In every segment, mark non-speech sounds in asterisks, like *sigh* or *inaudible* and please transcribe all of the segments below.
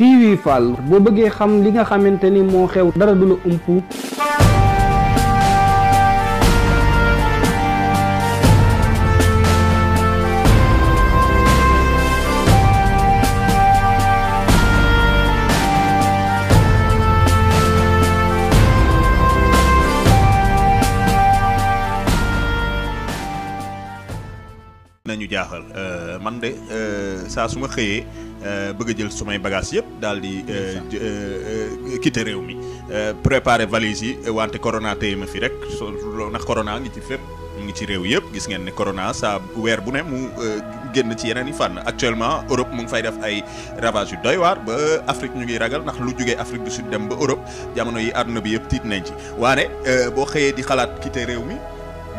TV Fall boo bëggee xam li nga xamante ni moo xew dara du la nañu jaaxal euh, man de euh, saa su ma xëyee. Euh, bëgg jël sumay bagages yëpp daal di euh, euh, quitté réew mi préparé valise yi wante corona téye ma fi rek so ndax corona ngi ci fépp mu ngi ci réew yëpp gis ngeen ni corona saa weer bu ne mu génn ci yeneen i fànn actuellement Europe mu ngi fay def ay ravage yu doy waar ba Afrique ñu ngi ragal ndax lu jugee Afrique du Sud dem ba Europe jamono yi àdduna bi yëpp tiit nañ ci waane boo xëyee di xalaat quitté réew mi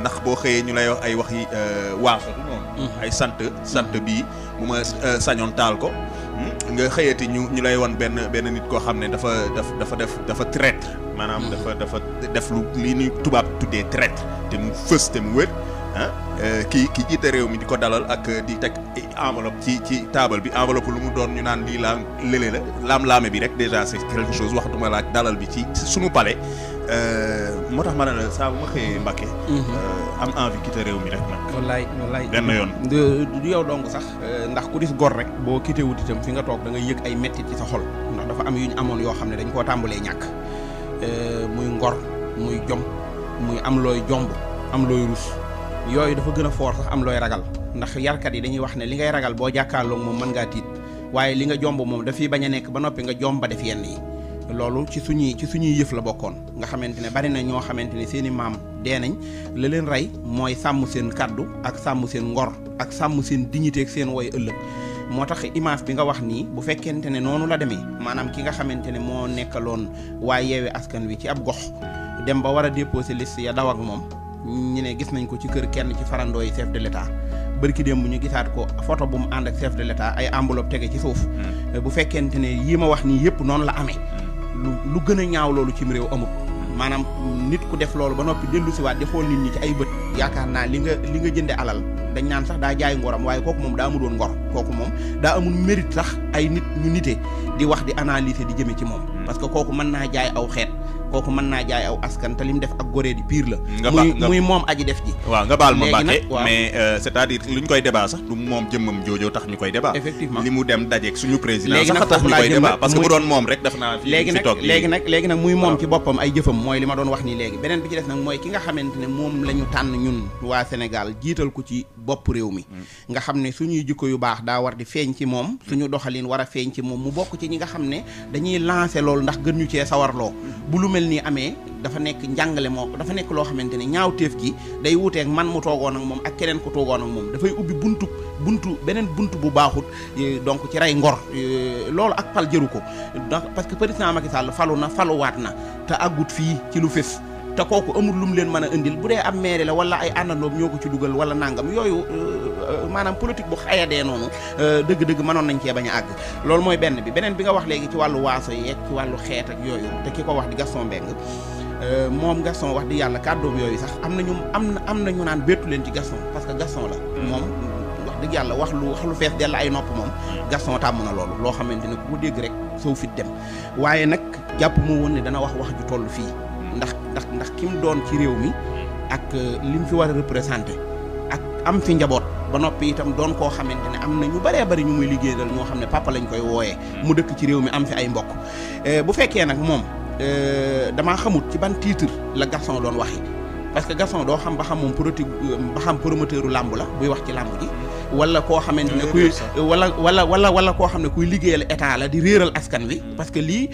ndax boo xëyee ñu lay wax ay wax yi euh, waaxu noonu mhm. ay sant sant bii bu ma euh, sañoon taal ko hmm? nga xëyati ñu ñu lay won benn benn nit koo xam ne dafa daf dafa def dafa traître maanaam mhm. dafa dafa def lu li ñuy tubaab tuddee traître te mu fës te mu wér ah euh, kii kii jiite réew mi di ko dalal ak di teg enveloppe ci ci taabal bi enveloppe lu mu doon ñu naan lii laa lële la laam-laame bi rek déjà c'est quelque chose waxtuma la ak dalal bi ci suñu palais Euh, moo tax ma ne la saa bu ma xëyee Mbàkke mhm. euh, am envie quitter réew mi rek nag. wallaay wallaay benn yoon. du yow dong sax. Euh, ndax ku dis gor rek. boo quitté wut itam fi nga toog da ngay yëg ay mettit ci sa xol. ndax dafa am yu ñu amoon yoo xam ne dañ koo tàmbalee ñàkk. muy ngor muy jom muy am looy jomb am looy rus yooyu dafa gën a foor sax am looy ragal ndax yarkat yi dañuy wax ne li ngay ragal boo jàkkaarloog moom mën ngaa tiit waaye li nga jomb moom dafiy bañ a nekk ba noppi nga jomba def yenn yi. loolu ci suñuy ci suñuy yëf la bokkoon nga xamante ne bari na ñoo xamante ne seen i maam dee nañ la leen rey mooy sàmm seen kàddu ak sàmm seen ngor ak sàmm seen dignité ak seen woy ëllëg moo tax image bi nga wax nii bu fekkente ne noonu la demee maanaam ki nga xamante ne moo nekkaloon waa yeewe askan wi ci ab gox dem ba war a déposer liste ya daw ak moom ñu ne gis nañ ko ci kër kenn ci farandooy yi chef de l'état bërki démb ñu gisaat ko photo bu mu ànd ak chef de l'état ay enveloppe tege ci suuf mm. bu fekkente ne yi ma wax nii yëpp noonu la amee mm. lu lu gën a ñaaw loolu cim réew amul maanaam nit ku def loolu ba noppi dellu siwaat waat di xool nit ñi ci ay bët yaakaar naa li nga li nga jënde alal dañ naan sax daa jaay ngoram waaye kooku moom daa amul woon ngor kooku moom daa amul mérite sax ay nit ñu nite di wax di analyser di jëme ci moom hmm. parce que kooku mën naa jaay aw xeet kooku mën naa jaay aw askan te li mu def ak goree di pire la. muy moom aji def ji. waaw nga baal ma Mbacke mais euh, c'est-à-dire lu ñu koy débat sax du moom jëmmam joojoo tax ñu koy débat. effectivement mu dem dajeeg suñu président. sax tax ñu koy débat parce que bu doon moom rek def naa. fi fi toog léegi nag léegi nag muy moom ci boppam ay jëfam mooy li ma doon wax nii léegi beneen bi ci def nag mooy ki nga xamante ne moom la ñu tànn ñun waa Sénégal jiital ko ci bopp réew mi mm. nga xam ne suñuy jikko yu baax daa war di feeñ ci moom mm. ñu doxalin war a feeñ ci moom mu bokk ci ñi nga xam ne dañuy lancé loolu ndax gën ñu cee sawarloo mm. bu lu mel nii amee dafa nekk njàngale moo dafa nekk loo xamante ne ñaawteef gi day wuteek man mu toogoon ak moom ak keneen ku toogoon ak moom dafay ubbi buntu buntu beneen buntu bu baaxut e, donc ci rey ngor e, loolu ak pal jëru ko ndax parce que président Macky Sall falu na faluwaat na te àggut fii ci lu fés te kooku amul lum leen mën a indil bu dee am maire la wala ay àndandoom ñoo ko ci dugal wala nangam yooyu euh, euh, maanaam politique bu xayadee noonu euh, dëgg-dëgg mënoon nañ cee bañ a àgg loolu mooy benn bi beneen bi nga wax léegi ci wàllu waaso yeeg ci wàllu xeet yooyu te ki ko wax di Gaston Mbengue moom Gaston wax di yàlla kàddoom yooyu sax am nañu am na am nañu naan bettu leen ci Gaston parce que Gaston la hmm. moom wax dëgg yàlla wax lu wax lu fees dell ay nopp moom Gaston tàmm na loolu loo xamante ne ku ko dégg rek sow dem waaye nag jàpp moo woon ne dana wax wax ju toll fii ndax ndax ndax ki mu doon ci réew mi ak euh, li mu fi war a représenté ak am fi njaboot ba noppi itam doon koo xamante ne am na ñu baree bari ñu muy liggéeyal moo xam ne papa lañ koy wooye mu dëkk ci réew mi am fi ay mbokk euh, bu fekkee nag moom euh, damaa xamut ci ban titre la Gaston doon yi parce que Gaston doo xam ba xam moom promoteur ba xam promoteur u làmb la buy wax ci làmb ji wala koo xamante ne kuy wala wala wala wala koo xam ne kuy liggéeyal état la di réeral askan wi parce que lii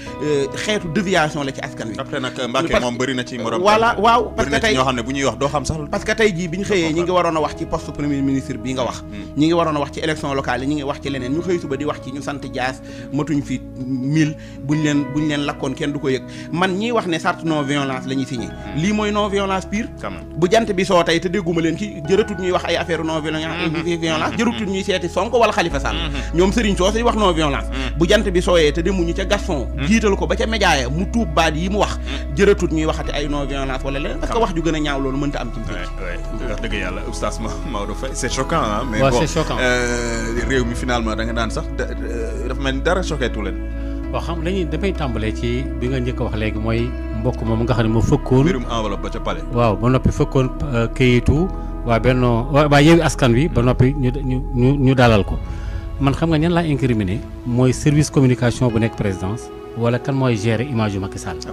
xeetu déviation la ci askan wi après nag Mbacke moom bëri na ci morom voilà waaw parce que tey ñoo xam ne bu ñuy wax doo xam sax parce que tey jii bi ñu xëyee ñi ngi waroon a wax ci poste premier ministre bi nga wax ñi ngi waroon a wax ci élection locale yi ñi ngi wax ci leneen ñu xëy suba di wax ci ñu sant jaas matuñ fi mille buñ leen buñ leen lakkoon kenn du ko yëg man ñiy wax ne charte non violence la ñuy signé lii mooy non violence pire bu jant bi soo tey te dégguma leen ki jërëtut ñuy wax ay affaire non violence violence jërutul ñuy seeti Sonko wala Khalifa Sall mm-hmm. ñoom Serigne Socé wax non violence mm-hmm. bu jant bi sooyee te demuñu mm-hmm. ko ba ca média ya mu tuub baat yi mu ñuy waxati ay non violence wax ju gën a ñaaw loolu mënta am ci biir wax dëgg yàlla oustaz Maodo Faye c'est choquant ah mais euh, da nga daan sax euh, dafa mel ni dara choqué tu leen waaw xam lañuy damay tàmbalee ci bi nga njëkk wax léegi mooy mbokk moom nga xam ne moo fëkkoon mbirum enveloppe ba waaw ba noppi fëkkoon euh, kayitu waa Benno waa Yewwi Askan Wi ba noppi ñu ñu ñu dalal ko man xam nga ñan la incriminer moy service communication bu nek présidence wala kan moy gérer image yu Macky Sall. Ah,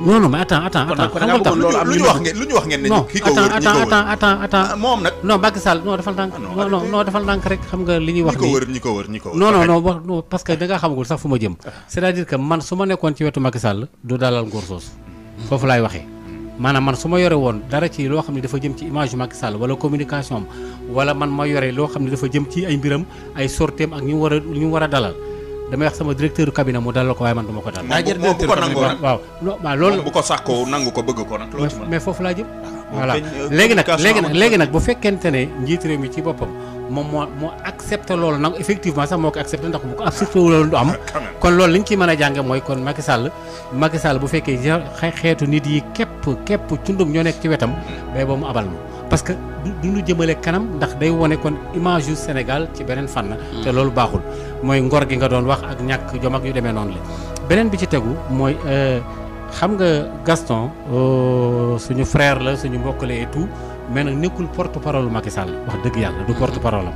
non non mais attends attends attends xam nga tax luñu wax ngeen luñu wax ngeen ne kii ko wër ñi ko wër attends attends ah, mom nak non Macky Sall non defal ndànk ah, non non non defal ndànk rek xam nga liñu wax ni ko wër ñi ko wër ñi ko wër non non non parce que da nga xamul sax fuma jëm c'est-à-dire que man suma nekkon ci wetu Macky Sall du dalal ngor sos hmm. fofu lay waxe maanaam man su ma yore woon dara ci loo xam ne dafa jëm ci image Macky Sall wala communication wala man ma yore loo xam ne dafa jëm ci ay mbiram ay sorteem ak ñu war a ñu war a dalal damay wax sama directeur du cabinet mu dalal ko waaye man du ma ko dal. daa jël directeur waaw waaw loolu bu ko sàkkoo nangu ko bëgg ko nag. mais foofu laa jëm. Ah, voilà léegi nag léegi nag léegi nag bu fekkente ne njiit réew mi ci boppam moom moo moo accepté loolu nag effectivement sax moo ko accepté ndax bu ko accepté loolu du am. *laughs* kon loolu li ñu ciy mën a jànge mooy kon Macky Sall Macky bu fekkee xeetu nit yi képp képp cundum ñoo nekk ci wetam. bay hmm. ba mu abal ma parce que du ñu jëmale kanam ndax day wone kon image yu Sénégal ci beneen fànn. Hmm. te loolu baaxul mooy ngor gi nga doon wax ak ñàkk jom ak yu demee noonu la. beneen bi ci tegu mooy euh, xam nga Gaston euh, suñu frère la suñu mbokk la et mais nag nekkul porte parole Macky Sall wax dëgg yàlla du porte parole am.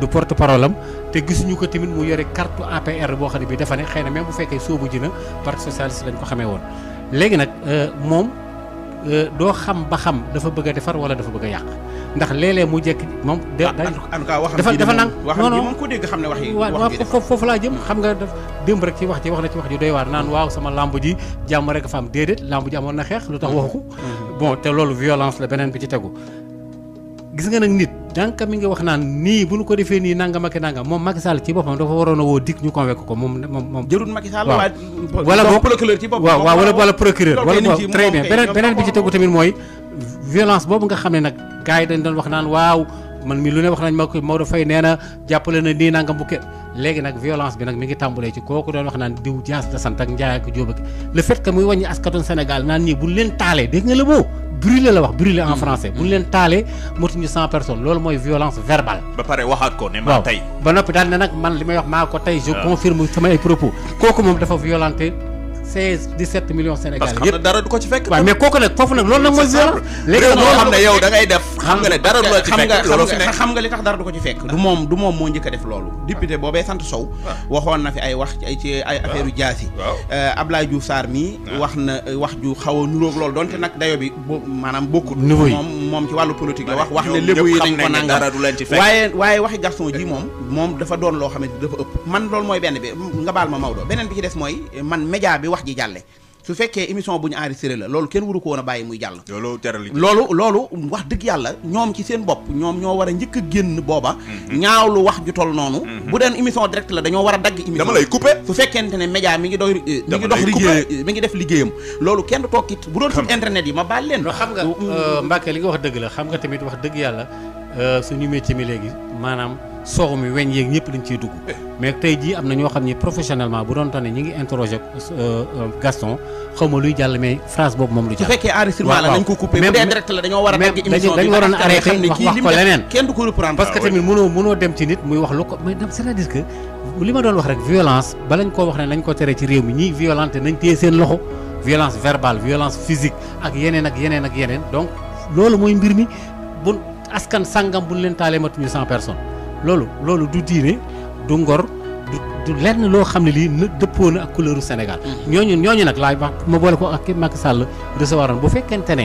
du porte parole am te gisuñu ko tamit mu yore carte APR boo xam ne bi dafa ne xëy na même bu fekkee soobu ji na parti socialiste lañ ko léegi nag euh, moom euh, doo xam ba xam dafa bëgg a defar wala dafa bëgg yàq ndax léeg mu jekk moom. de ah, dafa dafa nang non non ko dégg xam ne wax yi wax yi foofu laa jëm xam nga daf démb rek ci wax ji wax na ci wax ji doy waar naan waaw sama lamb ji jàmm rek fa am déedéet lamb ji amoon na xeex lu tax waxu ko mm-hmm. bon te loolu violence la beneen bi ci tegu gis nga nag nit dànka mi ngi wax naan nii bu ñu ko defee nii nangam ak nangam moom Macky ci boppam dafa waroon a woo dikk ñu convaincre ko moom moom moom. jërul Macky Sall waaye wala procureur ci waaw waaw waaw man mi lu ne wax nañ ma ko Maodo Faye nee na jàppale na nii nangam bu ke léegi nag violence bi nag mi ngi tàmbalee ci kooku doon wax naan diw jaas da sant ak njaay ak jóob ak le fait que muy wàññi askatoon Sénégal naan ñii buñ leen taalee dégg nga la boo brûler la wax brûler en hmm. français buñ hmm. leen taalee motuñu cent personnes loolu mooy violence verbale ba pare waxaat ko ne maa tey ba noppi daal ne nag man li may wax maa ko tey je ah. confirme sama ay seize dix sept millions Sénégalais yëpp parce que dara du ko ci fekk. waaw kooku nag foofu nag loolu nag mooy zéro. léegi nag loo xam ne yow da ngay dara du ko ci fekk. du moom moom moo njëkk a def loolu. Ah. député boobee sant Sow. Ah. wax ay ci ay affaire yu ah. jaas yi. Euh, wax na wax ju xaw a nuróog loolu donte nag dayo bi bo maanaam bokkut. niveau yi moom moom ci wàllu politique la wax. wax ne lébu yi nañ ko eh. moom moom dafa doon loo xam ne dafa ëpp man loolu mooy benn bi nga baal ma Maodo beneen bi ci des mooy man média bi wax ji fekkee émission bu ñu enregistré la loolu kenn waru ko woon a bàyyi muy jàll loolu loolu wax dëgg yàlla ñoom ci seen bopp ñoom ñoo war a njëkk a génn booba mm-hmm. ñaawlu wax ju tol noonu mm-hmm. bu deen émission direct la dañoo war a dagg émission dama lay coupé su fekkente ne média mi ngi dox mi mi ngi def liggéeyam loolu kenn du toog it bu doon site internet yi ma baal leen xam nga euh, Mbacke li nga wax dëgg la xam nga tamit wax dëgg yàlla su euh, suñu métier mi léegi maanaam soxu mi weñ yeeg ñëpp lañ ciy dugg mais tey jii am na ñoo xam ne professionnellement bu doon tane ñi ngi interroger euh, euh, Gaston xaw jàll mais boobu moom lu jàll. su fekkee enregistrement la nañ ko coupé a dagg a arrêté wax ko leneen kenn du ko reprendre parce que ah, tamit mënoo mënoo dem ci nit muy wax lu ko mais c'est-à-dire que li ma doon wax rek violence balañ koo wax ne nañ ko tere ci réew mi ñiy violenté nañ téye seen loxo violence verbale violence physique ak yeneen ak yeneen ak yeneen donc loolu mooy mbir mi bu askan sàngam bu leen taalee matuñu cent personnes loolu loolu du diine du ngor du lenn loo xam ne lii na dëppoo na ak couleuru Sénégal mm-hmm. ñooñu ñooñu nag laay wax ma boole ko ak Macky Sall recevoir bu fekkente ne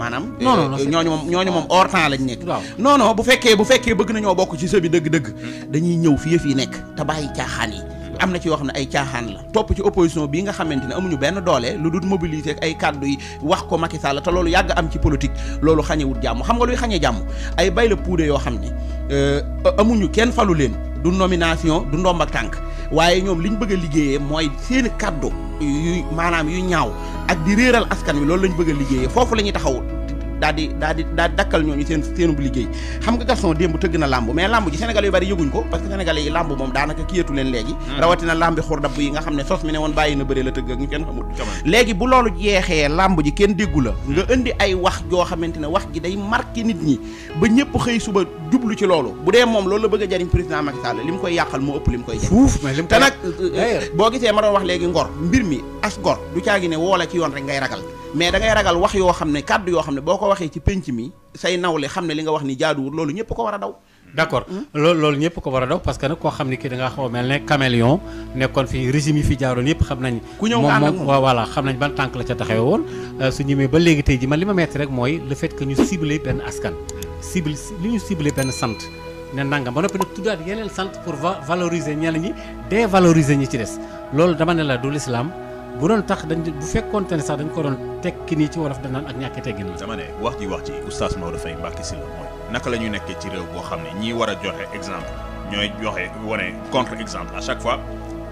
maanaam euh, ñooñu moom ñooñu moom hors temps lañ nekk non bu fekkee bu fekkee bëgg nañoo bokk ci sëbi dëgg-dëgg hmm. dañuy ñëw fi yëf yi nekk te bàyyi caaxaan yi hmm. am na ci yoo xam ne ay caaxaan la topp ci opposition bii nga xamante ne amuñu benn doole lu dul mobiliser ak ay kàddu wax ko Macky la te loolu yàgg am ci politique loolu xañewut jàmm xam nga luy xañee jàmm ay bay la puude yoo xam ne euh, amuñu kenn falu leen du nomination du ndomb ak tànk waaye ñoom liñ bëgg a liggéeyee mooy seeni kàddu yu maanaam yu ñaaw ak di réeral askan wi loolu lañ bëgg liggéeyee foofu la ñuy taxaw daal di daal di daal dakkal ñooñu seen seenub liggéey xam nga garçon démb tëgg na làmb mais làmb ji sénégalais yu bari yëguñ ko parce que sénégalais yi làmb moom daanaka kiyatu leen léegi hmm. rawatina làmbi xur dab yi nga xam ne sos mi ne woon bàyyi na bëri la tëgg ak ñu kenn xamul léegi bu loolu jeexee làmb ji kenn déggu la nga hmm. indi ay wax joo xamante ne wax ji jublu ci loolu bu dee moom loolu la bëgg a jariñ président Macky Sall li mu koy yàqal moo ëpp li mu koy jariñ te nag boo gisee ma mbir mi as gor du caagi ne woo la ci yoon rek ragal mais da ngay ragal wax yoo xam ne kàddu yoo xam ne boo ko waxee ci pénc mi say nawle xam ne li nga wax ni jaaduwul loolu ñëpp ko war a daw d'accord hmm? loolu loolu ñëpp ko war a daw parce que nag koo xam ni kii da ngaa a mel ne caméléon nekkoon fi régime yi fi jaaroon yëpp xam nañ ku ñëw xam nañ ban tànk la ca taxawee woon euh, su ñëmee ba léegi tey ji man li ma metti rek mooy le fait que ñu ciblé benn askan cible li ñu ciblé benn sant ne nangam ba noppi nag tuddaat yeneen sant pour valoriser ñenn ñi dévaloriser ñi ci des loolu dama ne la du l'islam bu doon tax dañ bu fekkoonte ne sax dañ ko doon tekki nii ci wolof danaan ak ñàkk teggin la dama ne wax ji wax ji oustaz Maodo Faye Mbacké Sylla naka la ñu nekkee ci réew boo xam ne ñii war a joxe exemple ñooy joxe wane contre exemple à chaque fois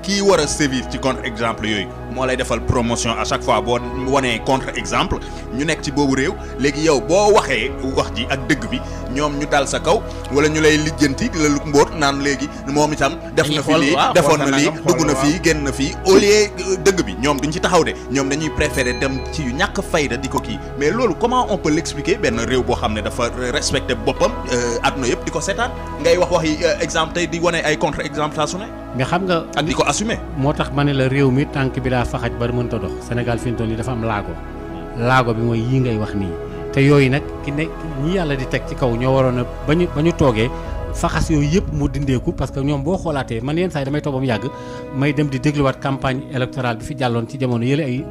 kii wara sévir ci contre exemple yoy mo lay defal promotion à chaque fois bo woné contre exemple ñu nekk ci bobu rew légui yow bo waxé wax ji ak dëgg bi ñom ñu dal sa kaw wala ñu lay lijjanti di la lu mbóot naan léegi moom itam def na fi lii defoon na lii dugg na fii génn na fii au lieu bi ñoom duñ ci taxaw de ñoom dañuy préférer dem ci yu ñàkk fayda di ko kii mais loolu comment on peut l'expliquer benn réew boo xam ne dafa respecté boppam euh, adduna yëpp di ko seetaan ngay wax wax yi euh, exemple tey di wane ay contre exemple saa ne mais xam nga ak di ko assumer moo tax ma ne la réew mi tànk bi daa faxaj ba mënta dox Sénégal fi mu toll nii dafa am laago laago bi mooy yii ngay wax nii te yooyu nag ki ne ñi yàlla di teg ci kaw ñoo waroon a ba ba ñu toogee faxas yooyu yëpp mu dindeeku parce que ñoom boo xoolaatee man yenn saa yi damay toog ba mu yàgg may dem di dégluwaat campagne électorale bi fi jàlloon ci jamono yële ay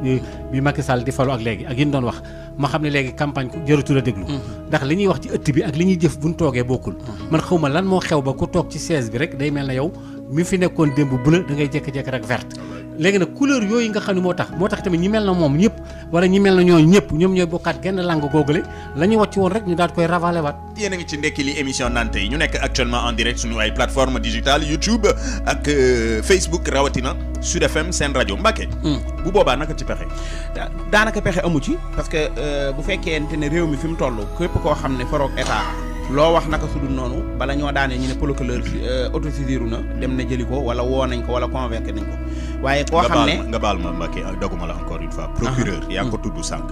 bi Macky Sall di falu ak léegi ak yi doon wax ma xam ne léegi campagne ku jëratul a déglu mm-hmm. ndax li ñuy wax ci ëtt bi ak li ñuy jëf bu ñu toogee bokkul mm-hmm. man xaw ma lan moo xew ba ku toog ci siège bi rek day mel na yow mi fi nekkoon démb bu la da ngay jékki-jékki rek verte léegi na couleur yooyu nga xam ne moo tax moo tax tamit ñi mel na moom ñëpp wala ñi mel na ñooñu ñëpp ñoom ñooy bokkaat genn langue googale la ñu wàcc woon rek ñu daal koy ravalé waat yéen a ngi ci ndekki li émission nante yi ñu nekk actuellement en direct suñu ay plateforme digitale YouTube ak euh, Facebook rawatina Sud FM seen rajo Mbacke hmm. bu boobaa naka ci pexe daanaka pexe amu ci parce que euh, bu fekkente ne réew mi fi mu toll képp koo xam ne faroog état loo wax naka sudul noonu bala ñoo daane ñu ne procureur euh, autosaisiru na dem na jëli ko wala woo nañ ko wala convaincre nañ ko waaye koo xam ne nga baal ma Mbacké daguma la encore une fois procureur yaa ko hmm. tudd sànq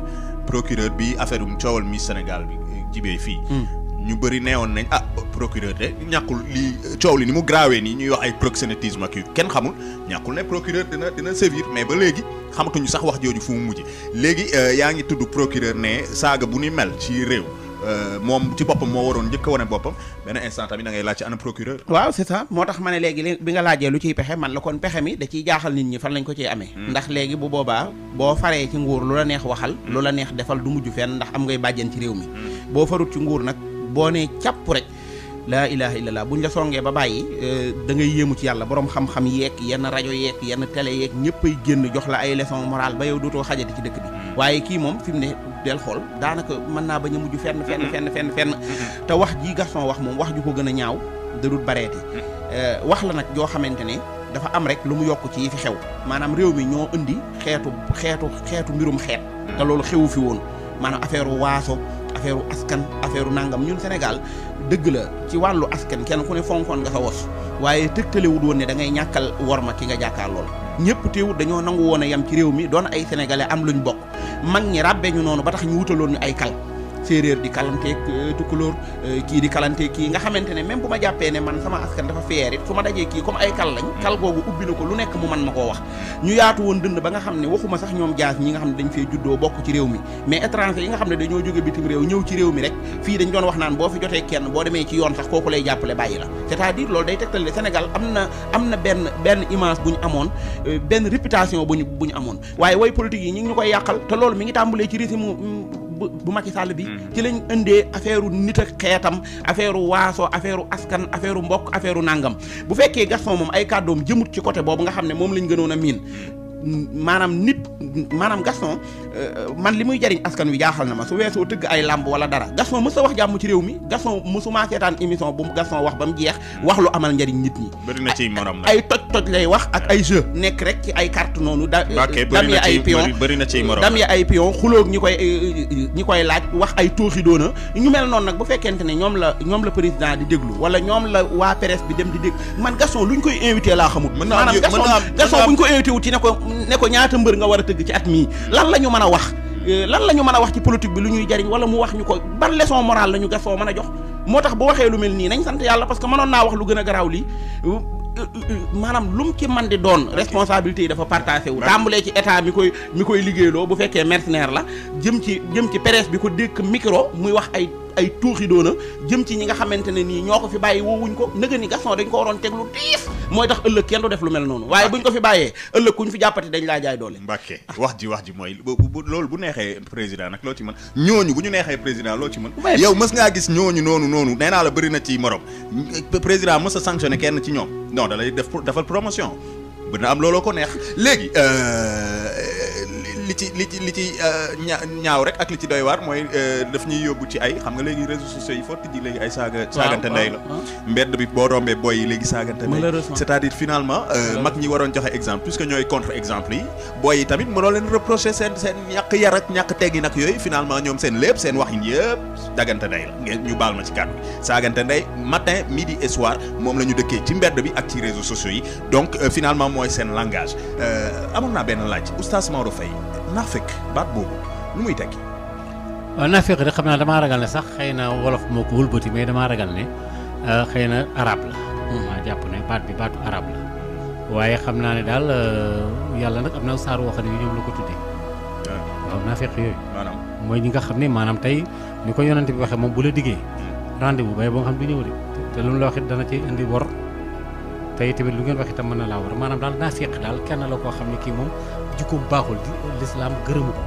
procureur bi affaire um coowal Miss Sénégal bi eh, jibee fii hmm. ñu bëri neewoon nañ ah procureur de ñàkkul li eh, coow li ni mu graawee nii ñuy wax ay proxénétisme ak yu kenn xamul ñàkkul ne procureur dina dina sévir mais ba léegi xamatuñu sax wax jooju fu mu mujj léegi euh, yaa ngi tudd procureur ne saaga bu ni mel ci réew Euh, moom ci boppam moo waroon njëkk a wane boppam benn instant tamit da ngay laaj ci ana procureur waaw c'est ça moo tax ma ne léegi bi nga laajee lu ciy pexe man la kon pexe mi da ciy jaaxal nit ñi fan lañ ko ciy amee hmm. ndax léegi bu boobaa boo faree ci nguur lu la neex waxal hmm. lu la neex defal du mujj fenn ndax am ngay bàjjen ci réew mi hmm. boo farut ci nguur nag boo nee càpp rek laa ilaha illallah bu la songee ba bàyyi euh, da ngay yéemu ci yàlla boroom xam-xam yeeg yenn rajo yeeg yenn télé yeeg ñëppay génn jox la ay leçon morale ba yow dootoo xajati ci dëkk bi hmm. waaye kii moom fi mu ne del xool daanaka mën naa bañ a mujj fenn fenn hmm. fenn fenn fenn hmm. te wax ji Gaston wax moom wax ju ko gën a ñaaw dadul bareeti euh, wax la nag joo xamante ne dafa am rek lu mu yokk ci yi fi xew maanaam réew mi ñoo indi xeetu xeetu xeetu mbirum xeet te loolu xewu fi woon maanaam affaire waaso affaire askan affaire nàngam ñun Sénégal dëgg la ci wàllu askan kenn ku ne fonkoon nga sa wos waaye tëgtalewut woon ne da ngay ñàkkal worma ki nga jàkkaar lool ñëpp tiw dañoo nangu woon a yem ci réew mi doon ay sénégalais am lu ñu bokk mag ñi ràbbee ñu noonu ba tax ñu wutaloon ñu ay kal séeréer di kalanteeg euh, tukkulóor euh, kii di kalante kii nga xamante ne même bu ma jàppee ne man sama askan dafa feer it su ma dajee kii comme ay kal lañ hmm. kal googu ubbi na ko lu nekk mu mën na koo wax ñu yaatu woon dënd ba nga xam ne waxuma sax ñoom jaas ñi nga xam ne dañ fee juddoo bokk ci réew mi mais étranger yi nga xam ne dañoo jóge bitim réew ñëw ci réew mi rek fii dañ doon wax naan boo fi jotee kenn boo demee ci yoon sax kooku lay jàppale bàyyi bu bu Macky Sall bi. Mm-hmm. ci lañ indee affaire nit ak xeetam affaire waaso affaire askan affaire mbokk affaire nangam bu fekkee Gaston moom ay kàddoom jëmut ci côté boobu nga xam ne moom lañ gënoon a miin maanaam nit maanaam Gaston. Euh, man li muy jariñ askan wi jaaxal na ma su weesoo tëgg ay làmb wala dara Gaston mës a wax jàmm ci réew mi Gaston mësuma seetaan émission bu Gaston wax ba mu jeex wax lu amal njariñ nit ñi bëri na ci morom nag ay toj toj lay wax ak ay jeu nekk rek ci ay carte noonu da dam ya ay pion bëri na ci morom dam ya ñi koy ñi koy laaj wax ay tooxi doona ñu mel noon nag bu fekkente ne ñoom la ñoom la président di déglu wala ñoom la waa presse bi dem di dégg man Gaston luñ koy invité laa xamut maanaam Gaston Gaston buñ ko invité wut ci ne ko ne ko ñaata mbër nga war a tëgg ci at mii lan la ñu mën a wax euh, lan la ñu a wax ci politique bi lu ñuy jariñ wala mu wax ñu ko ban leçon morale la ñu gasoo mën a jox moo tax bu waxee lu mel nii nañ sant yàlla parce que naa wax lu gën a garaaw lii euh, euh, maanaam lum ci man di doon responsabilité yi dafa partagé wu tàmbalee ci état mi koy mi koy liggéey loo bu fekkee mercenaire la jëm ci jëm ci presse bi ko dékk micro muy wax ay ay tuuxi doona jëm ci ñi nga xamante ne nii ñoo ko fi bàyyi woowuñ ko nëga ni Gaston dañ ko waroon teg lu diis mooy tax ëllëg kenn du def lu mel noonu waaye buñ ko fi bàyyee ëllëg kuñ fi jàppati dañ laa jaay doole Mbàkke wax ji wax ji mooy loolu bu neexee président nag loo ci mën ñooñu bu ñu neexee président loo ci man yow mës ngaa gis ñooñu noonu noonu nee naa la bëri ci morom président mës a sanctionné kenn ci ñoom non da lay def defal promotion b na am looloo ko neex léegi euh, li ci li ci li ci euh, ñaaw rek ak li ci doy waar mooy euh, daf ñuy yóbbu ci ay xam nga léegi réseaux sociaux yi foo tijji léegi ay saaga saagante ndey la mbedd bi boo rombee boy yi léegi saagante ndey c'est-à-dire finalement euh, mag ñi waroon joxe exemple puisque ñooy contre exemple yi boy yi tamit mënoo leen reprocher seen seen ñàkk yar ak ñàkk teggin nag yooyu finalement ñoom seen lépp seen waxin yëpp dagante ndey la ngeen ñu baal ma ci kàddu bi saagante ndey matin midi et soir moom la ñu dëkkee ci mbedd bi ak ci réseaux sociaux yi donc finalement mooy seen langage amoon naa benn laaj oustaz Maodo Faye naa naafeq baat boobu lu muy tekki. waaw naafeq rek xam naa damaa ragal ne sax xëy na wolof moo ko wëlbati mais damaa ragal ne euh, xëy na arab la. Hmm. maa jàpp ne baat bi baatu arab la. waaye xam naa ne daal euh, yàlla nag am na saar woo xam ne ñoom la ko tuddee. waaw naafeq yooyu. maanaam mooy ñi nga xam ne maanaam tey ni ko yonante bi waxee moom bu la diggee. Hmm. rendez-vous bay boo nga xam du ñëw de te lu mu la wax dana ci indi wor. tey tamit lu ngeen wax itam mën na laa war maanaam daal naa seq daal kenn la koo xam ne kii moom jikkoom baaxul l'islam gërëmu ko.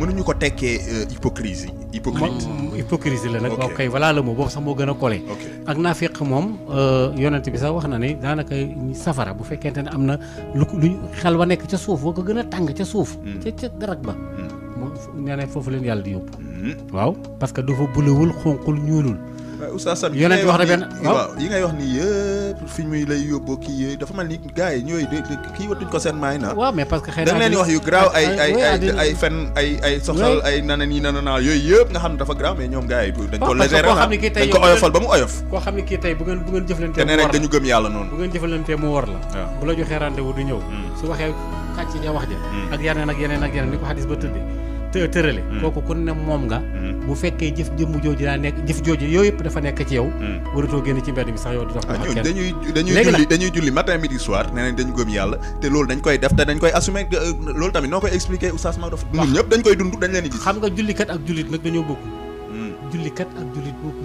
mënuñu ko tekkee euh, hypocrisie hypocrite hypocrisie la nag waaw kay la moo boobu sax moo gën a kole ak naa feq moom euh, yonent bi sax wax na ne daanaka safara bu fekkente ne am na lu lu xel wa nekk ca suuf boo ko gën a tàng ca suuf hmm. ca ca daraj ba hmm. moom foofu leen yàlla di yóbbu hmm. waaw parce que dafa bulewul xonqul ñuulul oustaz Sall yonent wax yi ngay wax nii yëpp fi muy lay yóbboo kii yooyu dafa mel ni gars yi ñooy kii watuñ ko seen maay na waaw mais parce que xëy na da wax yu graaw ay ay ay ay fen ay ay soxal ay nanan yi nananaa yooyu yëpp nga xam ne dafa graaw mais ñoom gars ah, koo xam ne kii tey bu ngeen bu ngeen jëflantee te nee nañ dañu gëm yàlla noonu bu ngeen mu war la bu la joxee rendez du ñëw hmm. su waxee xàcc wax ja hmm. ak yeneen ak yeneen ak yeneen ni ko xadis ba tëddee të tërale. Mm. kooku ku ne moom nga. Mm. bu fekkee jëf jëmm jooju daa nekk jëf jooju yooyu yëpp dafa nekk ci yow. Mm. waratoo génn ci mbedd mi sax yow du tax. Ah, ñun dañuy julli dañuy julli matin midi soir nee nañ dañu gëm yàlla te loolu dañ koy def te dañ koy assumer euh, loolu tamit noo koy expliquer oustaz Maodo. waaw ñun ñëpp dañ koy dund dañ leen di gis. xam nga jullikat ak jullit nag dañoo bokk. jullikat ak jullit bokk.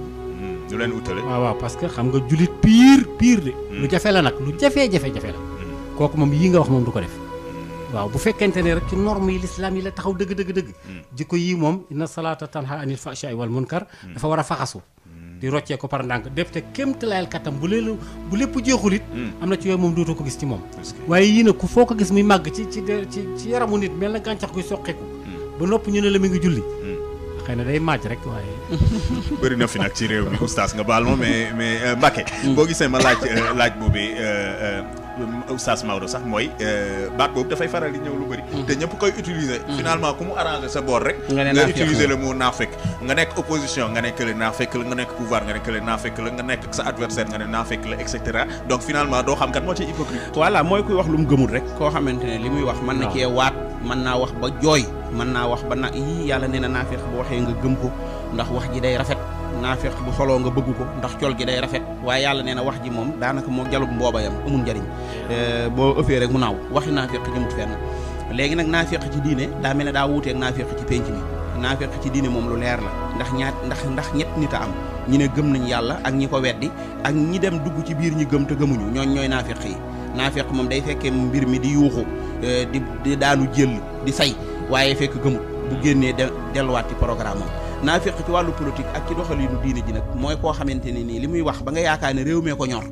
ñu leen utale. waaw waaw parce que xam nga jullit pire piir lu jafe la nag lu jafe jafe kooku moom yii nga wax moom du ko def waaw bu fekkente ne rek ci norme yi lislaam yi la taxaw dëgg dëgg dëgg hmm. jikko yii moom inna salaata tanha anil fahsha'i wal munkar hmm. dafa war a faxasu hmm. di roccee ko par ndànk def te kéemtalaayal kattam bu leelu bu lépp jeexul it am na ci yooyu moom dootoo ko gis ci moom waaye yii nag ku foo ko gis muy màgg ci ci ci yaramu nit mel na gàncax guy soqeeku ba nopp ñu ne la mi ngi julli xëy na day màcc rek waaye. *laughs* bëri na fi nag ci réew mi oustaz nga baal ma mais mais euh, Mbacke. boo gisee ma laaj euh, laaj boobu euh, oustaz Maodo sax mooy euh, baat boobu dafay faral di ñëw lu bëri mm-hmm. te ñëpp koy utiliser mm-hmm. finalement ku mu arrangé sa boor rek nga utiliser le mot nga nekk opposition nga nekk la nga nekk pouvoir la nga nekk sa adversaire nga ne naafek la et donc finalement doo xam kat moo ci hypocrite voilà mooy kuy wax lu mu rek koo xamante ne li muy wax mën na cee waat mën naa wax ba jooy mën naa wax ba na yàlla nee na naafeq bu waxee nga gëm ko ndax wax ji day rafet naafeq bu soloo nga bëgg ko ndax col gi day rafet waaye yàlla nee na wax ji moom daanaka moo jalub mboobayam amul njariñ euh, boo ëffee rek mu naaw waxi naafeq jëmut fenn léegi nag naafeq ci diine daa mel ne daa wuuteeg naafeq ci pénc mi naafeq ci diine moom lu leer la ndax ñaat ndax ndax ñett nit a am ñi ne gëm nañ yàlla ak ñi ko weddi ak ñi dem dugg ci biir ñi gëm te gëmuñu ñooñ ñooy naafeq yi naafeq moom day fekkee mbir mi di yuuxu euh, di di daanu jël di say waaye fekk gëmut bu génnee delluwaat ci programme naa naafiq ci wàllu politique ak ci doxalinu diine ji nag mooy koo xamante ne nii li muy wax ba nga yaakaar ne réew mee ko ñor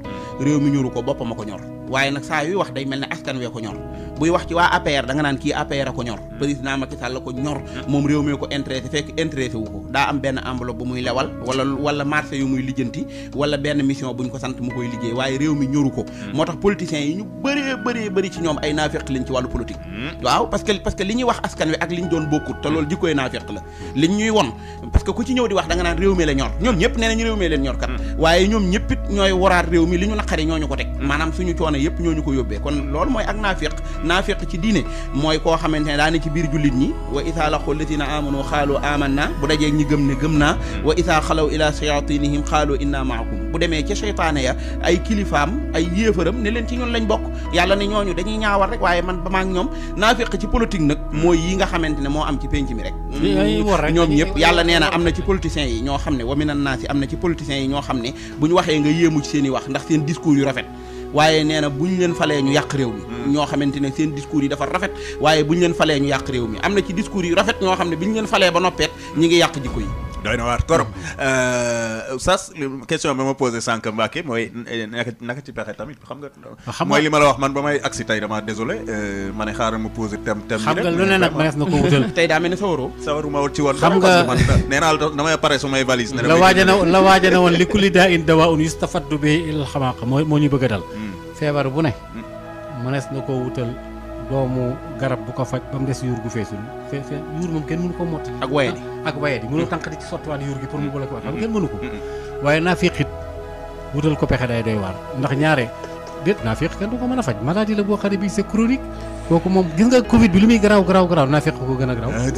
réew mi ñoru ko boppam a ko ñor waye nak sa yuy wax day melni askan wee ko ñor buy wax ci wa APR da nga nan ki APR ko ñor mm. président Macky Sall ko ñor mom mm. rew mee ko intéressé fek intéressé wu ko da am ben enveloppe bu muy lewal wala wala marché yu muy lijjanti wala ben mission buñ ko sant mu koy liggé waye rew mi ñoru ko mm. motax politiciens yi ñu bëré bëré bëri ci ñom ay nafiq liñ ci walu politique waaw parce que parce que liñ wax askan wi ak liñ doon bokku te lol jikko nafiq la liñ ñuy won parce que ku ci ñew di wax da nga nan rew mi la ñor ñom ñepp neena ñu rew mi leen ñor kat waaye ñoom ñëppit ñoy worat rew mi liñu nakari ñoñu ko tek manam suñu yëpp ñoo ñu ko yóbbee kon loolu mooy ak naafiq naafiq ci diine mooy koo xamante ne daa ne ci biir jullit ñi wa isaa laqul lazina amanu xaalu amanna bu dajee ñi gëm ne gëm naa wa isaa xalaw ila shayatinihim xaalu inna maakum bu demee ca seytaane ya ay kilifaam ay yéefaram ne leen ci ñun lañ bokk yàlla ne ñooñu dañuy ñaawal rek waaye man ba maak ñoom naafiq ci politique nag mooy yi nga xamante ne moo am ci penc mi rek ñoom ñëpp yàlla nee na am na ne wa minan naasi am wax ndax seen discours yu waaye nee na bu ñu leen falee ñu yàq réew mi hmm. ñoo xamante ne seen discours yi dafa rafet waaye bu ñu leen falee ñu yàq réew mi am na ci discours yu rafet ñoo xam ne bi ñu leen falee ba noppeet ñi ngi yàq jikko yi doy na waar torop euh, sas question bi ma posé sànq Mbacke mooy naka naka ci pexe tamit xam nga. xam nga mooy li ma wax man ba may agsi tey dama désolé euh, ma ne xaaral ma posé thème na daa mel ne sawaroo. sawaru ma woon ci woon. xam nga man nee naa la damay pare su may valise. ne la waajana la waajana woon li kulli daa in dawa un yustafaddu bi il xamaaqa moo moo ñu bëgg a dal. feebar bu ne mënees nga koo wutal doomu garab bu ko faj ba mu yuur gu feesul fee fee yuur moom kenn mënu ko mottali ak waye mm-hmm. di ak tanq di mënoo tànqati ci sottiwaat yuur gi pour mu mm-hmm. boole ko wax xam mm-hmm. kenn mënu ko waaye naa fiqit wutal ko pexe day doy waar ndax ñaare déet naa fiq kenn du ko mën a faj maladie la boo xam ne bii c'est chronique kooku moom gis nga covid bi lu muy garaaw garaaw garaaw naa fiq ko gën a garaaw ah,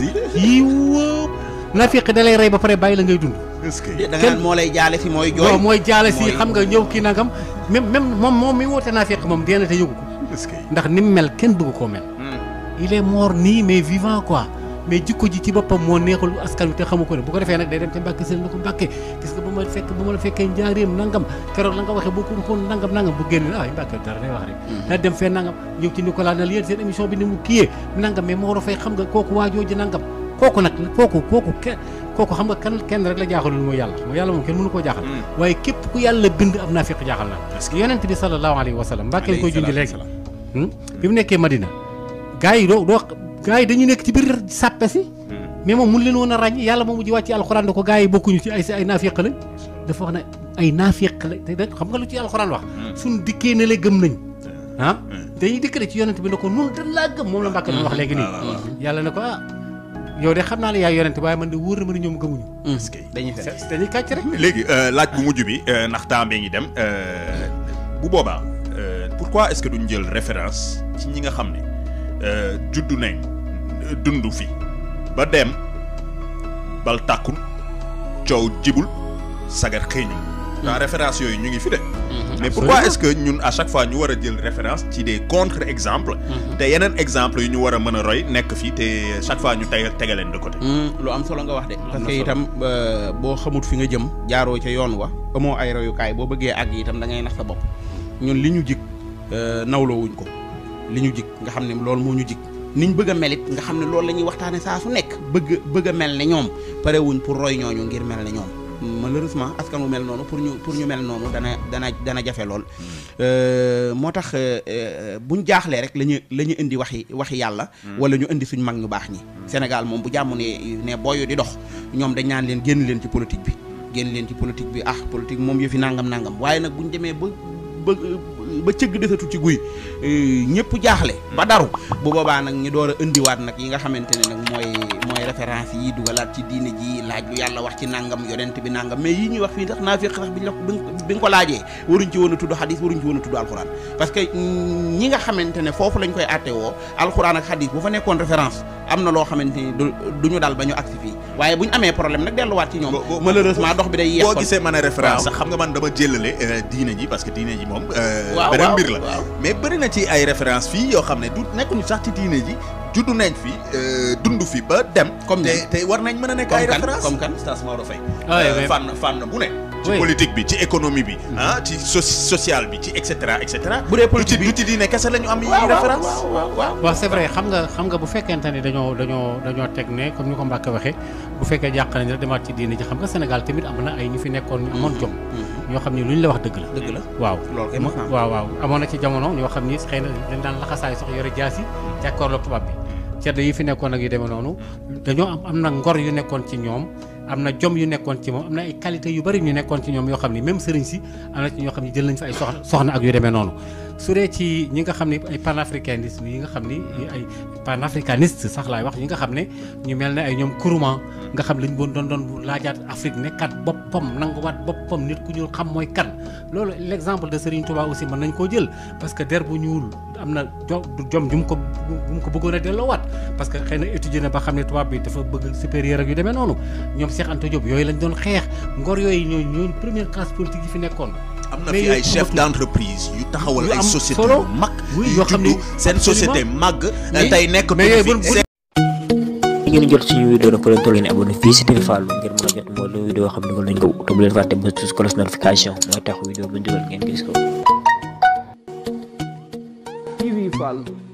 yii wëpp nafiq da lay rey ba pare bàyyi la ngay dund. est-ce que da nga naan moo lay jaale si mooy. jooy mooy jaale si xam nga ñëw kii nangam. même même moom moom mi woote nafiq moom dee na te yëgu ko. est ni mu mel kenn bëgg koo mel. Hmm. il est mort nii moo neexul askan wi te xamu ko ne bu ko defee nag day dem te mbàkke seen na ko mbàkke gis nga bu ma fekk bu ma la fekkee njaareem nangam ko xoon nangam hmm. bi ni mu kiiyee nangam mais Maodo Faye xam nga kooku waajooji nangam kooku nag kooku kooku kenn kooku xam nga kan kenn rek la jaaxalul mooy yàlla mooy yàlla moom kenn mënu koo jaaxal hmm. waaye képp ku yàlla bind am naa fiq jaaxal na yonent bi sallallahu alayhi wa sallam mbàkke koy junj léegi hmm? bi mu nekkee hmm. a da ko gars yi bokkuñu ci ay ay naafiq lañ dafa wax ne ay naafiq lañ te xam nga lu ah? ci yonent bi ne ko nun dañ laa gëm moom la mbàkke doon wax léegi nii yàlla ne ko ah yow de xam naa ne yaay yonente waaye man de wóor na ma ne ñoom gëmuñu. Hmm. parce que dañuy fekk dañuy kàcc rek. léegi euh, laaj bu mujj bi euh, ndax temps bee ngi dem euh, bu boobaa pourquoi est-ce que duñ jël référence ci ñi nga xam ne juddu nañ dund fi ba dem bal tàkkul coow jibul sagar xëy la référence yooyu ñu ngi fi de. Mhm. mais pourquoi est-ce que ñun à chaque fois ñu war jël référence ci des contre-exemples. Mhm. te yeneen exemples yu ñu war a mën a roy nekk fii te chaque fois ñu tey tegaleen de côté. Mm, lu am solo nga wax de. parce que itam boo xamut fi nga jëm jaaroo ca yoon wa. amoo ay bo boo bëggee àgg itam da ngay nax sa bopp ñun li ñu jik euh, nawloo wuñ ko li ñu jik nga xam ne loolu moo ñu jik niñ bëgg a mel it nga xam ne loolu la ñuy waxtaane saa su nekk bëgg bëgg a mel ne wuñ pour roy ñooñu ngir mel ne malheureusement askan wu mel noonu pour ñu pour ñu mel noonu dana dana dana jafe lool. Hmm. Euh, moo tax bu euh, euh, buñ jaaxlee rek la ñu la ñu indi waxi waxi yàlla. Hmm. wala ñu indi suñ mag ñu baax ñi. Hmm. Sénégal moom bu jàmm ne ne booyu di dox ñoom dañ naan leen génn leen ci politique bi génn leen ci politique bi ah politique moom yëfi nangam nàngam waaye nag buñ demee ba. bëgg ba cëgg desatul ci guy euh, ñëpp jaaxle ba daru bu boobaa nag ñu door a indiwaat nag yi nga xamante nag mooy mooy référence yi dugalaat ci diine ji laaj lu yàlla wax ci nangam yonent bi nangam mais yii ñuy wax fii tax naa fekk tax bi nga ko laajee waruñ ci woon a tudd xadis waruñ ci woon a tudd alxuraan parce ñi nga xamante foofu lañ koy àtte woo alxuraan ak xadis bu fa nekkoon référence am na loo xamante du ñu dal ba ñu agsi fii waaye bu ñu amee a référence beneen mbir la mais bëri na ci ay référence fii yoo xam ne du nekkuñu sax ci diine ji juddu nañ fi euh, dundu fi ba dem comme te te war nañ mën a nekk ay référence comme kan Stas Maodo Faye ah, euh, fànn fànn bu ne ci politique bi ci économie bi mm. ah ci social bi ci et cetera et bu dee politique bi du ci diine kese la ñu am yi référence waaw c'est vrai xam nga xam nga bu fekkente ne dañoo dañoo dañoo teg ne comme ñu ko Mbacke waxee bu fekkee jàq nañ rek demaat ci diine ji xam nga Sénégal tamit am na ay ñu fi nekkoon ñu amoon mm, jom mm. ñoo xam ni lu ñu la wax dëgg la. dëgg la waaw waaw waaw amoon na ci jamono ñoo xam ni xëy na dañ daan laxasaay sax yore jaas yi jàkkaarloo tubaab bi cedd yi fi nekkoon ak yu demee noonu dañoo am am na ngor yu nekkoon ci ñoom am na jom yu nekkoon ci moom am na ay qualité yu bari ñu nekkoon ci ñoom yoo xam ni même sëriñ si am na ci ñoo xam ni jël nañ fa ay soxna soxna ak yu demee noonu su dee ci ñi nga xam ne ay panafricaniste yi nga xam ni ay panafricaniste sax laay wax ñi nga xam ne ñu mel ne ay ñoom Kourouma nga xam lañ doon doon doon laajaat Afrique nekkat boppam nanguwaat boppam nit ku ñuul xam mooy kan loolu l'exemple de Serigne Touba aussi mën nañ koo jël parce que der bu ñuul am na jom ju mu ko bu mu ko bëggoon a delloowaat parce que xëy na étudier na ba xam ne tubaab bi dafa bëgg supérieur ak yu demee noonu ñoom Cheikh Anta Diop yooyu lañ doon xeex ngor yooyu ñooñu ñooñu première classe politique yi fi nekkoon am na fi ay chef d'entreprise yu taxawal ay société mag yoo xam ne seen société mag tey nekk tuuti ngeen jot suñu vidéo nag foo leen toll nii abonné fii si Tere Fallou ngeen mën a jot moo leen vidéo xam ne ko lañ ko te bu leen fàtte ba tous cloche notification mooy tax vidéo bu ñu ngeen gis ko